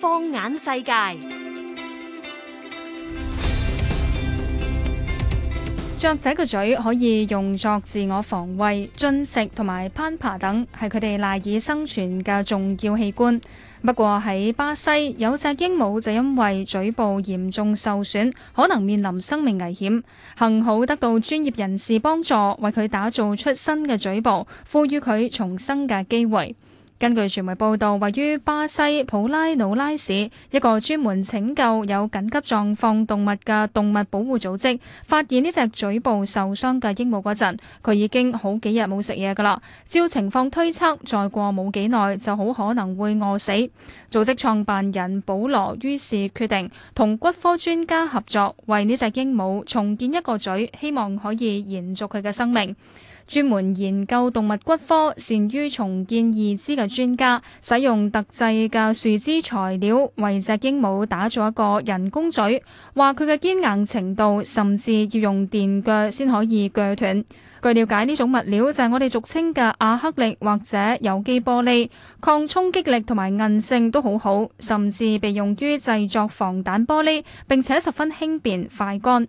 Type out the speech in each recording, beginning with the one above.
放眼世界。雀仔嘅嘴可以用作自我防衛、進食同埋攀爬等，係佢哋賴以生存嘅重要器官。不過喺巴西，有隻鸚鵡就因為嘴部嚴重受損，可能面臨生命危險。幸好得到專業人士幫助，為佢打造出新嘅嘴部，賦予佢重生嘅機會。根據傳媒報道，位於巴西普拉努拉市一個專門拯救有緊急狀況動物嘅動物保護組織，發現呢隻嘴部受傷嘅鸚鵡嗰陣，佢已經好幾日冇食嘢㗎啦。照情況推測，再過冇幾耐就好可能會餓死。組織創辦人保羅於是決定同骨科專家合作，為呢隻鸚鵡重建一個嘴，希望可以延續佢嘅生命。專門研究動物骨科、善於重建義肢嘅專家，使用特製嘅樹脂材料為隻鸚鵡打咗一個人工嘴，話佢嘅堅硬程度甚至要用電鋸先可以鋸斷。據了解，呢種物料就係我哋俗稱嘅亞克力或者有機玻璃，抗衝擊力同埋韌性都好好，甚至被用於製作防彈玻璃，並且十分輕便、快乾。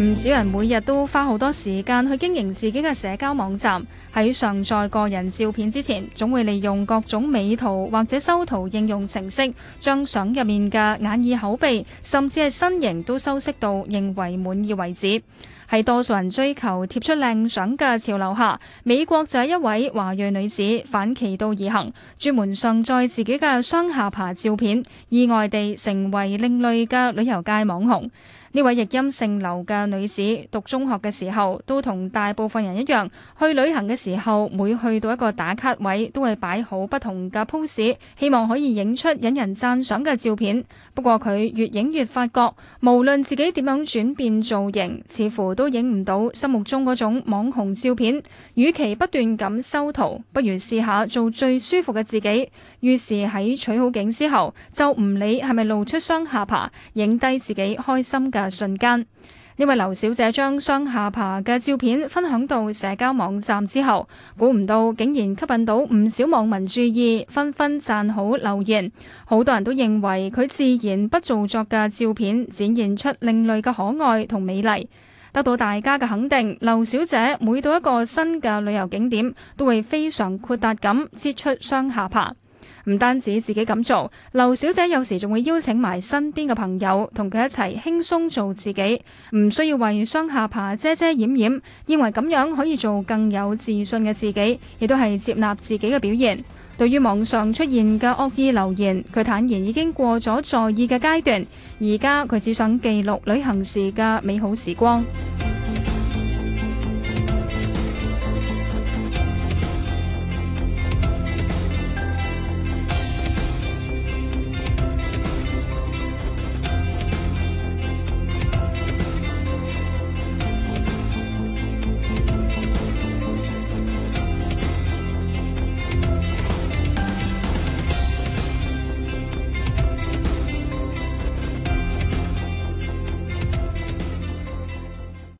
唔少人每日都花好多時間去經營自己嘅社交網站，喺上載個人照片之前，總會利用各種美圖或者修圖應用程式，將相入面嘅眼耳口鼻甚至係身形都修飾到認為滿意為止。喺多數人追求貼出靚相嘅潮流下，美國就係一位華裔女子反其道而行，專門上載自己嘅雙下巴照片，意外地成為另類嘅旅遊界網紅。呢位譯音姓劉嘅女子，讀中學嘅時候都同大部分人一樣，去旅行嘅時候每去到一個打卡位，都會擺好不同嘅 pose，希望可以影出引人讚賞嘅照片。不過佢越影越發覺，無論自己點樣轉變造型，似乎都影唔到心目中嗰種網紅照片。與其不斷咁修圖，不如試下做最舒服嘅自己。於是喺取好景之後，就唔理係咪露出雙下巴，影低自己開心嘅瞬間。呢位劉小姐將雙下巴嘅照片分享到社交網站之後，估唔到竟然吸引到唔少網民注意，紛紛讚好留言。好多人都認為佢自然不做作嘅照片，展現出另類嘅可愛同美麗。得到大家嘅肯定，劉小姐每到一個新嘅旅遊景點，都會非常豁達咁擠出雙下巴。唔單止自己咁做，劉小姐有時仲會邀請埋身邊嘅朋友同佢一齊輕鬆做自己，唔需要為雙下巴遮遮掩掩，認為咁樣可以做更有自信嘅自己，亦都係接納自己嘅表現。對於網上出現嘅惡意留言，佢坦言已經過咗在意嘅階段，而家佢只想記錄旅行時嘅美好時光。